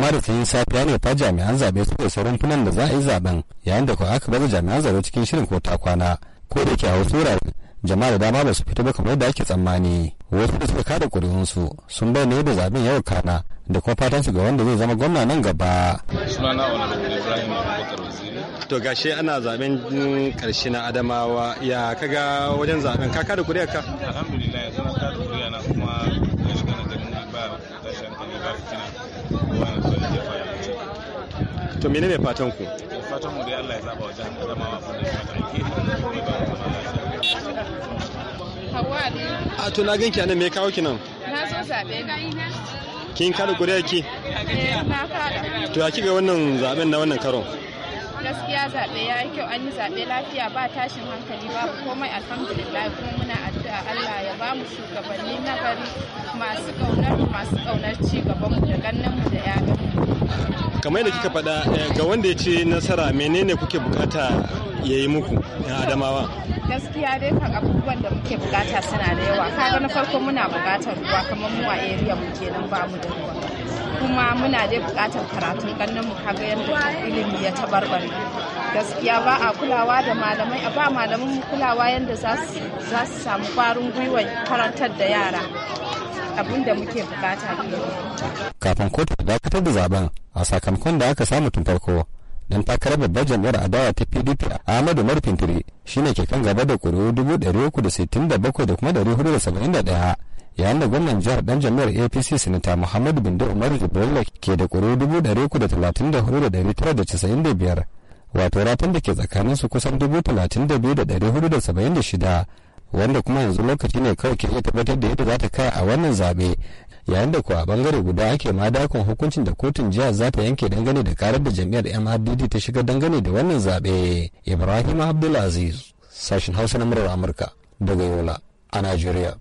amma da sanyin safiya ne ta jami'an zabe da sauran funan da za a yi zaben yayin da ko aka baza jami'an zabe cikin shirin ko ta kwana ko da ke a wasu wuraren jama'a da dama ba su fita ba kamar da ake tsammani wasu da suka kada kuri'unsu sun bayyana yadda zaben yau kana da kuma fatan su ga wanda zai zama gwamna nan gaba sunana honorable ibrahim to gashi ana zaben karshe na adamawa ya kaga wajen zaben ka kada kuri'a ka alhamdulillah yanzu na kada kuri'a na kuma gashi kana ganin ba ba to menene fatan ku fatan mu dai Allah ya zaba wa zama Adamawa abin da a to na ganki anan me ya kawo ki nan na zo zabe kin kada gure ki eh, na kada to ya kiga wannan zaben na wannan karon gaskiya zaɓe ya yi kyau an yi zaɓe lafiya ba tashin hankali ba komai alhamdulillah kuma muna addu'a Allah ya ba mu shugabanni na gari masu ƙaunar masu kaunar ci gabanmu da gannan mu da yaran kamar yadda kika faɗa eh, ga wanda ya ce nasara menene kuke bukata ya yi muku na adamawa gaskiya dai kan abubuwan da muke bukata suna da yawa kaga na farko muna bukatar ruwa kamar mu a area mu kenan ba mu da ruwa kuma muna dai bukatar karatun kannan mu kaga yadda ilimi ya tabarbare gaskiya ba a kulawa da malamai ba malaman mu kulawa yadda za su samu kwarin gwiwa karantar da yara abin da muke bukata kafin kotu dakatar da zaben a sakamakon da aka samu tun farko dan takarar babbar jam'iyyar adawa ta pdp ahmadu umar fintiri shine ke kan gaba da ƙuri'u dubu uku da sittin da bakwai da kuma ɗari hudu da saba'in da yayin da gwamnan jihar dan jami'ar apc sinita muhammadu bindo umar jibrila ke da ƙuri'u dubu dari uku da talatin da hudu da dari tara da casa'in da biyar wato ratan da ke tsakanin su kusan dubu talatin da biyu da dari hudu da saba'in da shida wanda kuma yanzu lokaci ne kawai ke iya tabbatar da yadda za ta kai a wannan zaɓe yayin da kuwa a bangare guda ake ma dakon hukuncin da kotun jiya za ta yanke dangane da karar da jami'ar mrdd ta shiga dangane da wannan zaɓe ibrahim abdulaziz sashen hausa na murar amurka daga yola a nigeria.